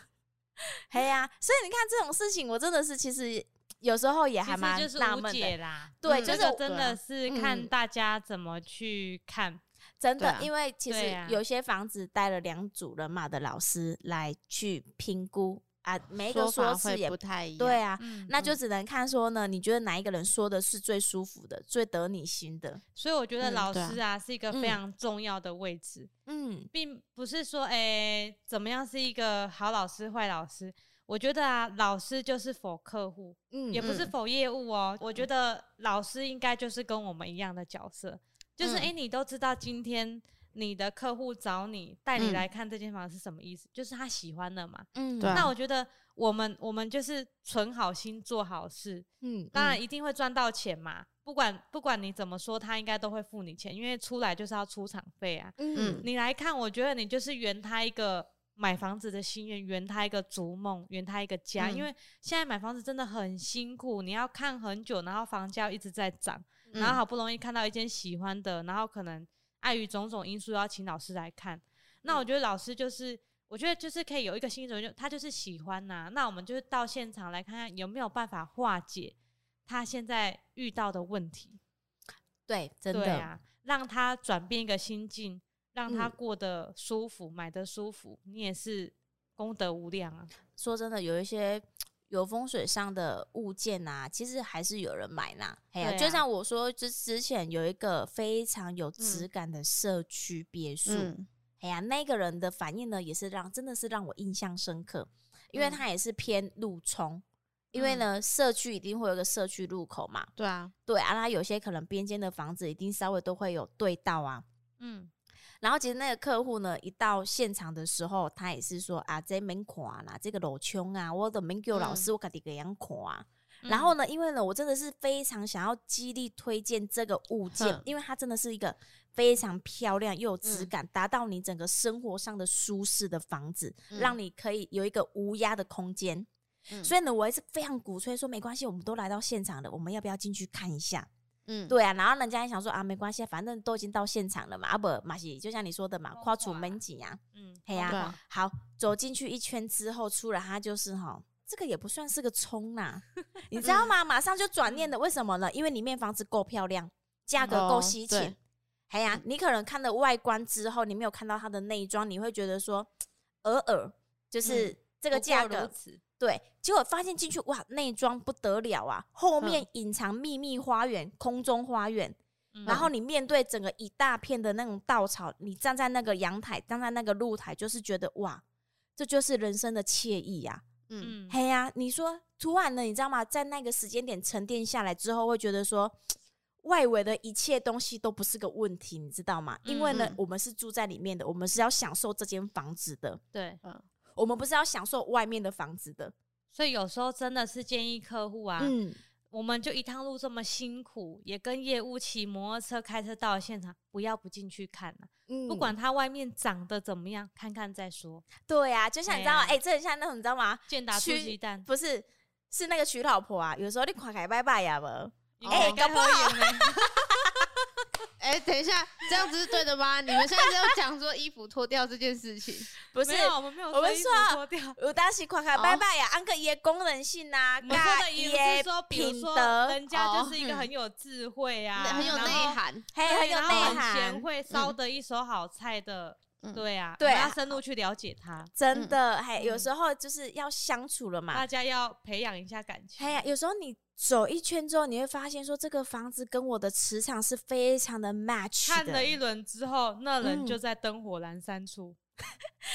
嘿 呀、嗯，所以你看這種事情，我真的是其實有時候也還蠻納悶的啦。對，這、嗯就是、個真的是看大家怎麼去看。嗯真的，啊、因為其實有些房子帶了兩組人馬的老師來去評估啊，啊，每一個說辭也說法，不太一樣，對啊，嗯嗯、那就只能看說呢，你覺得哪一個人說的是最舒服的、最得你心的？所以我覺得老師啊、嗯、啊是一個非常重要的位置，嗯，並不是說誒、欸、怎麼樣是一個好老師、壞老師，我覺得啊，老師就是 for 客戶，嗯，也不是 for 業務哦，嗯、我覺得老師應該就是跟我們一樣的角色。就是哎、嗯欸，你都知道今天你的客戶找你帶你來看這間房子是什麼意思？嗯、就是他喜歡的嘛。嗯，那我覺得我們我們就是存好心做好事。嗯，當然一定會賺到錢嘛。嗯、不管不管你怎麼說，他應該都會付你錢，因為出來就是要出場費啊。嗯，你來看，我覺得你就是圓他一個買房子的心願，圓他一個逐夢，圓他一個家。嗯、因為現在買房子真的很辛苦，你要看很久，然後房價一直在漲。然後好不容易看到一間喜歡的，嗯、然後可能礙於種種因素要請老師來看。那我覺得老師就是，嗯、我覺得就是可以有一個心理作用，他就是喜歡吶、啊。那我們就是到現場來看看有沒有辦法化解他現在遇到的問題。對，真的呀、啊，讓他轉變一個心境，讓他過得舒服，嗯、買得舒服，你也是功德無量啊。說真的，有一些。有風水上的物件吶、啊，其實還是有人買吶。Hey a, 啊，就像我說，之之前有一個非常有質感的社區別墅，哎呀、嗯，hey、a, 那個人的反應呢，也是讓真的是讓我印象深刻，因為他也是偏路衝，嗯，因為呢社區一定會有一個社區路口嘛，對啊，對啊，那有些可能邊間的房子一定稍微都會有對道啊，嗯。然後其實那個客戶呢，一到現場的時候，他也是說啊，這門款啊，這個樓胸、這個、啊，我的門口老師、嗯、我搞這個樣啊。嗯、然後呢，因為呢，我真的是非常想要極力推薦這個物件，呵因為它真的是一個非常漂亮又有質感，嗯、達到你整個生活上的舒適的房子，嗯、讓你可以有一個無壓的空間。嗯、所以呢，我也是非常鼓吹說，沒關係，我們都來到現場了，我們要不要進去看一下？嗯、對啊，然後人家也想說啊，沒關係，反正都已經到現場了嘛，啊、不，嘛是就像你說的嘛，跨出門幾呀，嗯，對呀，好、嗯、走進去一圈之後，出來他就是哈、哦，這個也不算是個衝啦，嗯、你知道嗎？馬上就轉念了，嗯、為什麼呢？因為裡面房子夠漂亮，價格夠吸睛，對啊、哦啊，你可能看了外觀之後，你沒有看到它的內裝，你會覺得說，偶爾就是這個價格。嗯。對，結果發現進去哇，內裝不得了啊！後面隱藏秘密花園、空中花園，嗯、哼然後你面對整個一大片的那種稻草，你站在那個陽台，站在那個露台，就是覺得哇，這就是人生的愜意呀、啊！嗯，嘿呀、啊，你說突然呢，你知道嗎？在那個時間點沉澱下來之後，會覺得說，外圍的一切東西都不是個問題，你知道嗎？因為呢，嗯、哼我們是住在裡面的，我們是要享受這間房子的。對，嗯。我們不是要享受外面的房子的，所以有時候真的是建議客戶啊，嗯、我們就一趟路這麼辛苦，也跟業務騎摩托車、開車到了現場，不要不進去看、啊嗯、不管他外面長得怎麼樣，看看再說。對啊。就像你知道，哎、啊欸，這很像那種你知道嗎？健達出奇蛋不是，是那個娶老婆啊，有時候你快開拜拜呀不？哎、欸，哦。 哎，等一下，這樣子是對的嗎？你們現在在講說衣服脫掉這件事情，不是？我們沒有，我們衣服脫掉。我當時拜拜呀，安可也功能性吶，也品德，人家就是一個很有智慧啊，很有內涵，很有內涵，賢惠燒的一手好菜的。對啊，對，要深入去了解他。真的，還有時候就是要相處了嘛，大家要培養一下感情。嘿呀，有時候你。走一圈之後，你會發現說這個房子跟我的磁場是非常的 match。看了一輪之後，那人就在燈火闌珊處，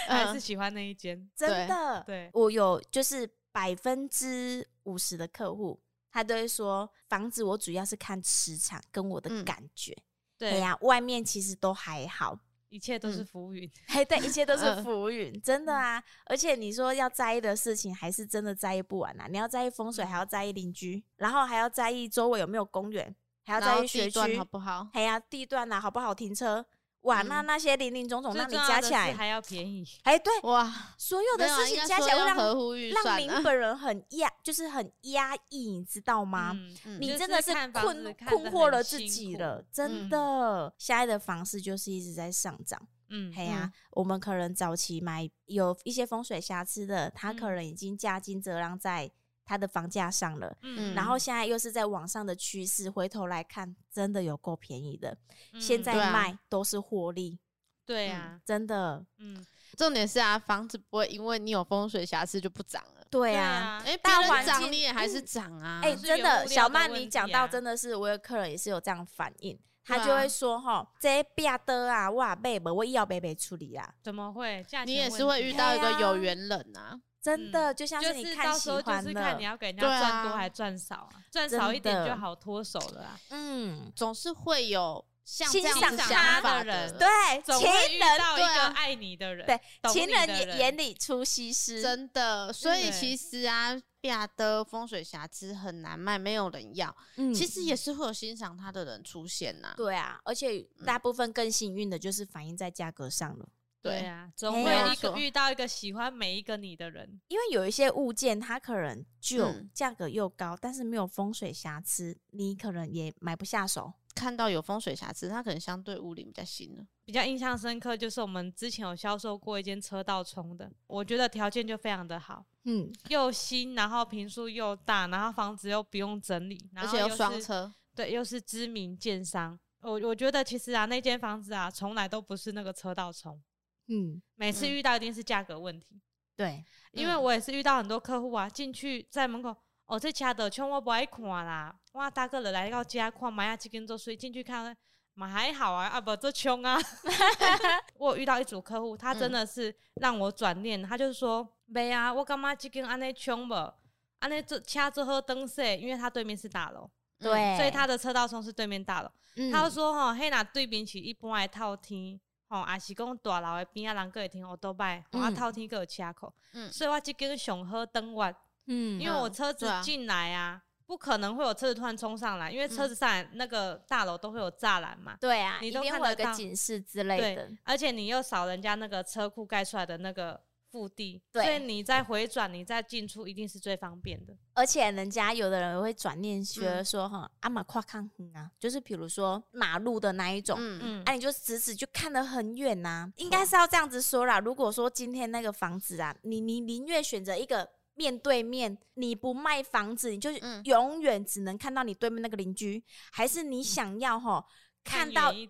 嗯、 還是喜歡那一間、呃。真的，對，對我有就是百分之五十的客戶，他都會說房子我主要是看磁場跟我的感覺。嗯、對、哎、呀，外面其實都還好。一切都是浮雲、嗯嘿，對，一切都是浮雲， 呃、真的啊！而且你說要在意的事情，還是真的在意不完吶、啊。你要在意風水，還要在意鄰居，然後還要在意周圍有沒有公園，還要在意學區好不好？嘿呀、啊，地段吶、啊，好不好停車？哇，那那些林林總總，那你加起來還要便宜？哎，對，哇，所有的事情加起來會讓讓您本人很壓，就是很壓抑，你知道嗎？你真的是困困惑了自己了，真的。現在的房市就是一直在上漲，嗯，哎呀，我們可能早期買有一些風水瑕疵的，他可能已經加金折讓在。它的房價上了，嗯，然後現在又是在往上的趨勢，回頭來看，真的有夠便宜的。現在賣都是獲利，對啊，真的，嗯。重點是啊，房子不會因為你有風水瑕疵就不漲了，對啊，誒，別人漲你也還是漲啊，誒，真的。小曼，你講到真的是，我有客人也是有這樣反應，他就會說吼，這一邊的啊，哇貝貝，我一要被貝處理啊。」怎麼會？你也是會遇到一個有緣人啊。真的，就像是你到時候就是看你要給人家賺多還是賺少啊，賺少一點就好脫手了。嗯，總是會有欣賞他的人，對，情人對總會遇到一個愛你的人，對，情人眼眼裡出西施，真的。所以其實啊，亞的風水瑕疵很難賣，沒有人要。嗯，其實也是會有欣賞他的人出現吶。對啊，而且大部分更幸運的就是反映在價格上了。對啊，總會一個遇到一個喜歡每一個你的人。因為有一些物件，它可能舊，價格又高，嗯、但是沒有風水瑕疵，你可能也買不下手。看到有風水瑕疵，它可能相對屋齡比較新了。比較印象深刻就是我們之前有銷售過一間車道沖的，我覺得條件就非常的好，嗯，又新，然後坪數又大，然後房子又不用整理，然後又雙車，對，又是知名建商。我我覺得其實啊，那間房子啊，從來都不是那個車道沖。嗯，每次遇到一定是價格問題。嗯、對，嗯、因為我也是遇到很多客戶啊，進去在門口，哦，這車的沖我不愛看啦，哇大個人來到家看，看這，買下幾間租，所以進去看嘛還好啊啊不這沖啊。 我有遇到一組客戶，他真的是讓我轉念，嗯、他就說沒啊，我感覺這間安那沖不？安那這做車這好燈色，因為他對面是大樓，對，所以他的車道上是對面大樓。嗯、他就說哈黑拿對比起一般愛套廳。哦，也是講大樓的邊啊，人個也聽我都拜，我、嗯、頭天個有吃口，嗯、所以我就跟上好等我，嗯、因為我車子進來啊，嗯、不可能會有車子突然衝上來，因為車子上那個大樓都會有柵欄嘛、嗯，對啊，你都看得到，有警示之類的，對，而且你又掃人家那個車庫蓋出來的那個腹地，所以你再回轉，你再進出一定是最方便的。而且人家有的人會轉念覺得說哈，阿瑪誇看啊，就是比如說馬路的那一種，哎、嗯，嗯啊、你就直直就看得很遠吶、啊。嗯、應該是要這樣子說啦。如果說今天那個房子啊，你你寧願選擇一個面對面，你不賣房子，你就永遠只能看到你對面那個鄰居，還是你想要哈？嗯看到看遠一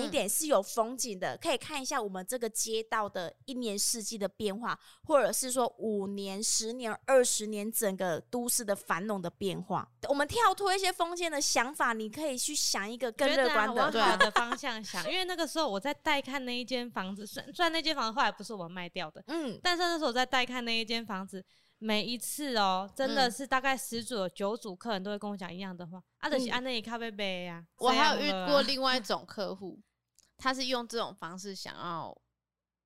點,一點、嗯、是有風景的，可以看一下我們這個街道的一年四季的變化，或者是說五年、十年、二十年整個都市的繁榮的變化。我們跳脫一些封建的想法，你可以去想一個更樂觀的、啊、好的方向想。對啊、因為那個時候我在帶看那一間房子，雖 然那間房子後來不是我賣掉的，嗯，但是那時候我在帶看那一間房子。每一次哦、喔，真的是大概十組有九組客人都會跟我講一樣的話，嗯、啊德是安那伊咖啡杯呀。我還有遇過另外一種客戶， 他是用這種方式想要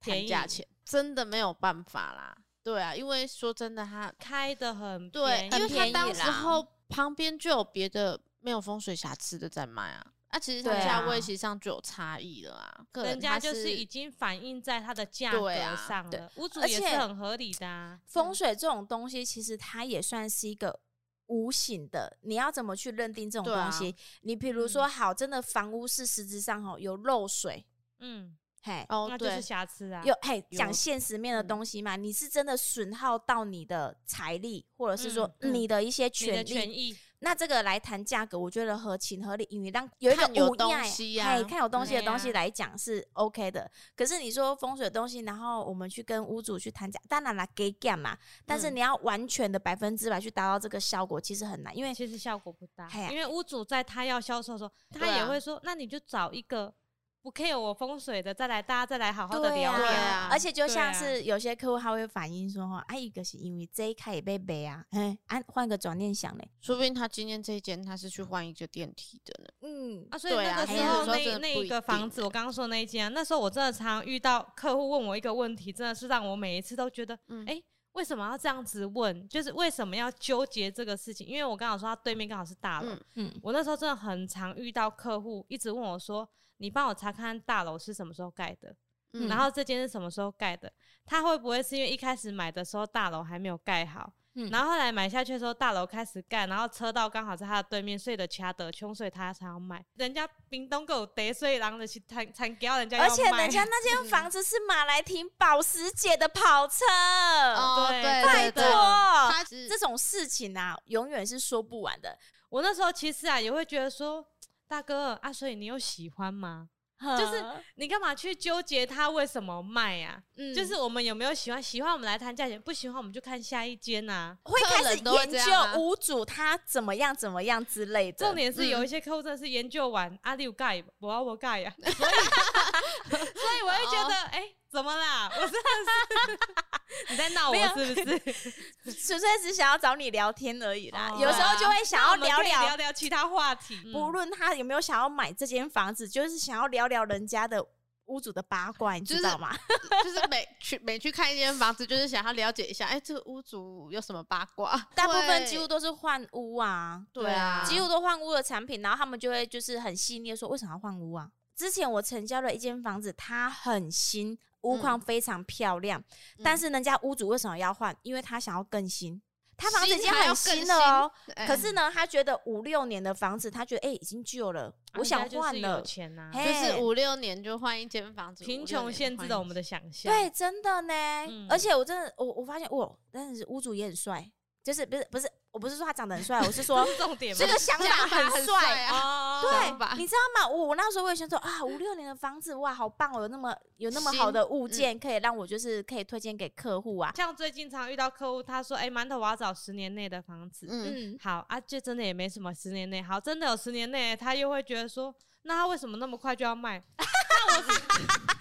談價錢，宜真的沒有辦法啦。對啊，因為說真的他，他開的很對，很因為他當時候旁邊就有別的沒有風水瑕疵的在賣啊。那其實上價位級上就有差異了啊，人家就是已經反映在它的價格上了，屋主，也是很合理的啊。風水這種東西，其實它也算是一個無形的，你要怎麼去認定這種東西？你比如說，好，真的房屋是實質上吼有漏水，嗯，嘿，那就是瑕疵啊。有嘿，講現實面的東西嘛，你是真的損耗到你的財力，或者是說你的一些權益。那這個來談價格，我覺得合情合理，因為當有一個有東西、啊，哎、欸，看有東西的東西來講是 OK 的。啊、可是你說風水的東西，然後我們去跟屋主去談價，當然啦，給幹嘛？嗯、但是你要完全的百分之百去達到這個效果，其實很難，因為其實效果不大。啊、因為屋主在他要銷售的時候，他也會說：“啊、那你就找一個。”我可以有我風水的再來，大家再來好好的聊。聊啊，啊而且就像是有些客戶他會反映說，哈、啊，哎、啊，一個是因為這一開也被背嘿啊，哎，換個轉念想嘞，說不定他今天這一間他是去換一個電梯的呢。嗯啊，所以那個時候、啊、那一那一個房子，我剛剛說那間，那時候我真的常遇到客戶問我一個問題，真的是讓我每一次都覺得，哎、嗯欸，為什麼要這樣子問？就是為什麼要糾結這個事情？因為我剛好說他對面剛好是大樓、嗯，嗯，我那時候真的很常遇到客戶一直問我說。你幫我查看大樓是什麼時候蓋的，嗯、然後這間是什麼時候蓋的？他會不會是因為一開始買的時候大樓還沒有蓋好，嗯、然後後來買下去的時候大樓開始蓋，然後車道剛好在他的對面，所以的掐得窮，所以他才要買。人家檳東狗得稅，然後去貪貪給到人家，而且人家那間房子是馬來亭保時捷的跑車，嗯、對，對對對對，拜託這種事情啊，永遠是說不完的。我那時候其實啊，也會覺得說。大哥，阿、啊、所以你有喜歡嗎？呵就是你幹嘛去糾結他為什麼賣呀、啊？嗯、就是我們有沒有喜歡？喜歡我們來談價錢，不喜歡我們就看下一間啊。會，會開始研究屋主他怎麼樣怎麼樣之類的。重點是有一些客戶真的是研究完阿六蓋不阿伯蓋呀，嗯啊、所以我會覺得哎。哦欸怎麼啦？我真的是 你在鬧我是不是？純有 粹只想要找你聊天而已啦。Oh、有時候就會想要聊聊聊其他話題，不論他有沒有想要買這間房子，就是想要聊聊人家的屋主的八卦，你知道嗎？就是、就是每去每去看一間房子，就是想要了解一下，哎、欸，這屋主有什麼八卦？大部分幾乎都是換屋啊，對啊，幾乎都換屋的產品，然後他們就會就是很細膩的說，為什麼要換屋啊？之前我成交了一間房子，它很新。屋況非常漂亮，嗯、但是人家屋主為什麼要換？因為他想要更新，嗯、他房子已經很新了哦，、喔。可是呢，他覺得五六年的房子，他覺得哎、欸、已經舊了，啊、我想換了。有錢啊，、嘿、就是五六年就換一間房子，貧窮限制了我們的想象。對，真的呢。嗯、而且我真的，我我發現，哇，但是屋主也很帥。就是不是不是，我不是說他長得很帥，我是說這個 嗎想法很帥啊。對，把你知道嗎？我那時候我也想說啊，五六年的房子，哇，好棒哦，有那麼有那麼好的物件，嗯、可以讓我就是可以推薦給客戶啊。像最近常遇到客戶，他說：“哎、欸，饅頭，我要找十年內的房子。嗯”嗯好啊，就真的也沒什麼十年內。好，真的有十年內，他又會覺得說，那他為什麼那麼快就要賣？ 那我。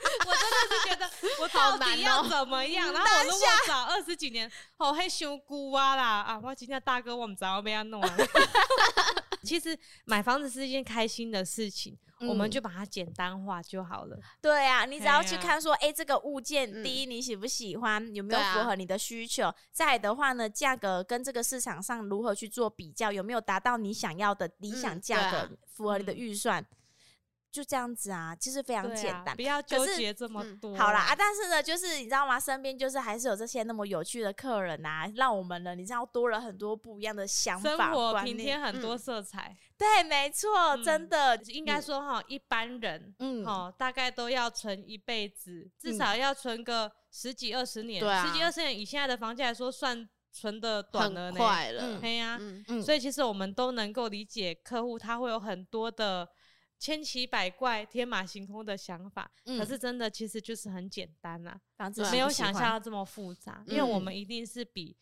我真的是覺得我到底要怎麼樣？然後我如果早二十幾年，好黑修姑啊啦啊！我今天大哥我不我，我們早要被他弄了？其實買房子是一件開心的事情，嗯、我們就把它簡單化就好了。對啊，你只要去看說，哎、啊欸，這個物件第一你喜不喜歡，嗯、有沒有符合你的需求？啊、再的話呢，價格跟這個市場上如何去做比較，有沒有達到你想要的理想價格，嗯啊、符合你的預算。就這樣子啊，其實非常簡單，不要糾結這麼多。好啦，但是呢，就是你知道嗎？身邊就是還是有這些那麼有趣的客人吶，讓我們呢，你知道多了很多不一樣的想法，生活平添很多色彩。對，沒錯，真的應該說哈，一般人嗯，哦，大概都要存一輩子，至少要存個十幾二十年，十幾二十年以現在的房價來說，算存的短了，快了，對呀。所以其實我們都能夠理解客戶，他會有很多的。千奇百怪、天馬行空的想法，可是真的其實就是很簡單吶、啊，房子、嗯、沒有想象到這麼複雜，嗯、因為我們一定是比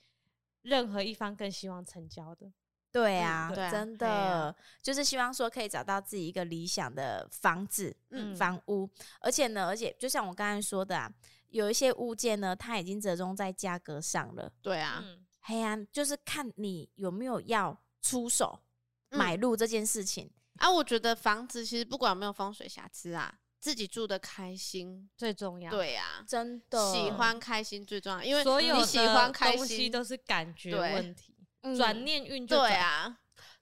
任何一方更希望成交的。嗯、對啊，對真的、啊、就是希望說可以找到自己一個理想的房子、嗯、房屋，而且呢，而且就像我剛才說的啊，有一些物件呢，它已經折中在價格上了。對啊，黑暗、啊、就是看你有沒有要出手、嗯、買入這件事情。啊，我覺得房子其實不管有沒有風水瑕疵啊，自己住的開心最重要。對呀、啊，真的喜歡開心最重要，因為你喜歡開心所有的東西都是感覺問題，轉、嗯、念運轉。對啊，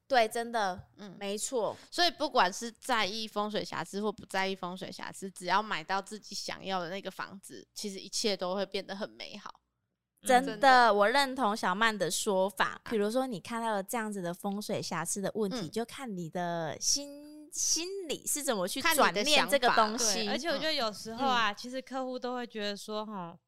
對，真的，嗯，沒錯。所以不管是在意風水瑕疵或不在意風水瑕疵，只要買到自己想要的那個房子，其實一切都會變得很美好。真的，嗯、真的我認同小曼的說法。比、啊、如說，你看到了這樣子的風水瑕疵的問題，嗯、就看你的心心理是怎麼去轉念這個東西，而且我覺得有時候啊，嗯、其實客戶都會覺得說：“哈、嗯，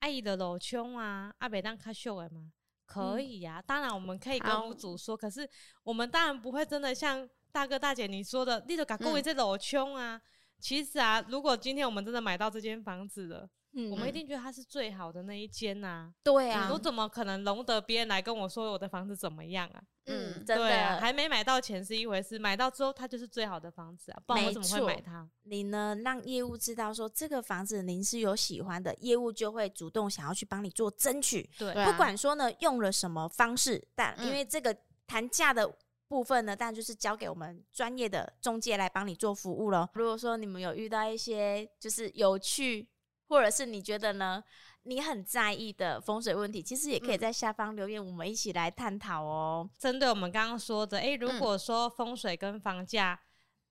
阿姨的路沖啊，阿北當開秀了嗎？可以呀、啊，嗯、當然我們可以跟屋主說。好可是我們當然不會真的像大哥大姐你說的，那種敢故意在路沖啊。嗯、其實啊，如果今天我們真的買到這間房子了。”嗯，我們一定覺得它是最好的那一間吶、啊。嗯、對啊，我怎麼可能容得別人來跟我說我的房子怎麼樣啊？嗯，真的對啊，還沒買到前是一回事，買到之後它就是最好的房子啊。不然我怎麼會買它？你呢，讓業務知道說，這個房子您是有喜歡的，業務就會主動想要去幫你做爭取。對，不管說呢用了什麼方式，但因為這個談價的部分呢，但、嗯、就是交給我們專業的中介來幫你做服務了。如果說你們有遇到一些就是有趣。或者是你覺得呢，你很在意的風水問題，其實也可以在下方留言，我們一起來探討哦、喔。針、嗯、對我們剛剛說的，誒、欸，如果說風水跟房價、嗯、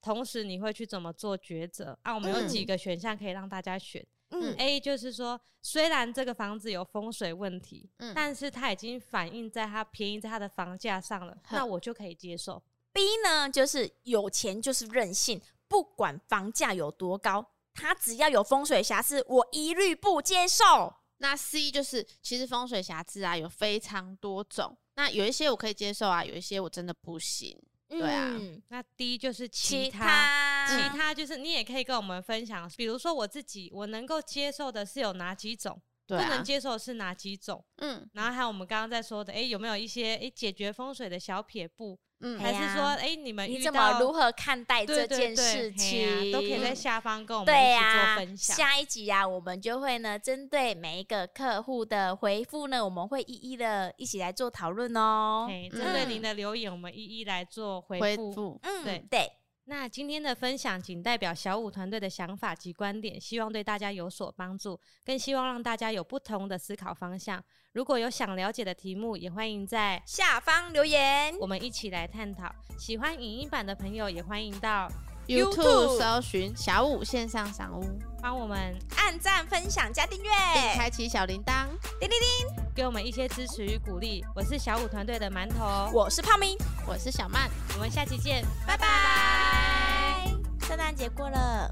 同時，你會去怎麼做抉擇啊？我們有幾個選項可以讓大家選。嗯，A 就是說，雖然這個房子有風水問題，嗯，但是它已經反映在它便宜在它的房價上了，呵那我就可以接受。B 呢，就是有錢就是任性，不管房價有多高。他只要有風水瑕疵，我一律不接受。那 C 就是其實風水瑕疵啊，有非常多種。那有一些我可以接受啊，有一些我真的不行。嗯、對啊。那 D 就是其他，其他，其他就是你也可以跟我們分享，比如說我自己我能夠接受的是有哪幾種，不能接受的是哪幾種。嗯、對啊。然後還有我們剛剛在說的，誒、欸，有沒有一些誒、欸、解決風水的小撇步？嗯，啊、還是說，哎、欸，你們你怎麼如何看待這件事情，對對對，啊？都可以在下方跟我們一起做分享。嗯對啊，下一集呀，啊，我們就會呢，針對每一個客戶的回復呢，我們會一一的一起來做討論哦。針、欸、對您的留言，嗯、我們一一來做回復。嗯覆，對對。對，那今天的分享僅代表小武團隊的想法及觀點，希望對大家有所幫助，更希望讓大家有不同的思考方向。如果有想了解的題目，也歡迎在下方留言，我們一起來探討。喜歡影音版的朋友，也歡迎到 YouTube, YouTube 搜尋小武線上賞屋，幫我們按讚、分享、加訂閱，並開啟小鈴鐺，叮叮叮，給我們一些支持與鼓勵。我是小武團隊的饅頭，我是泡咪，我是小曼，我們下期見，拜拜！聖誕節過了。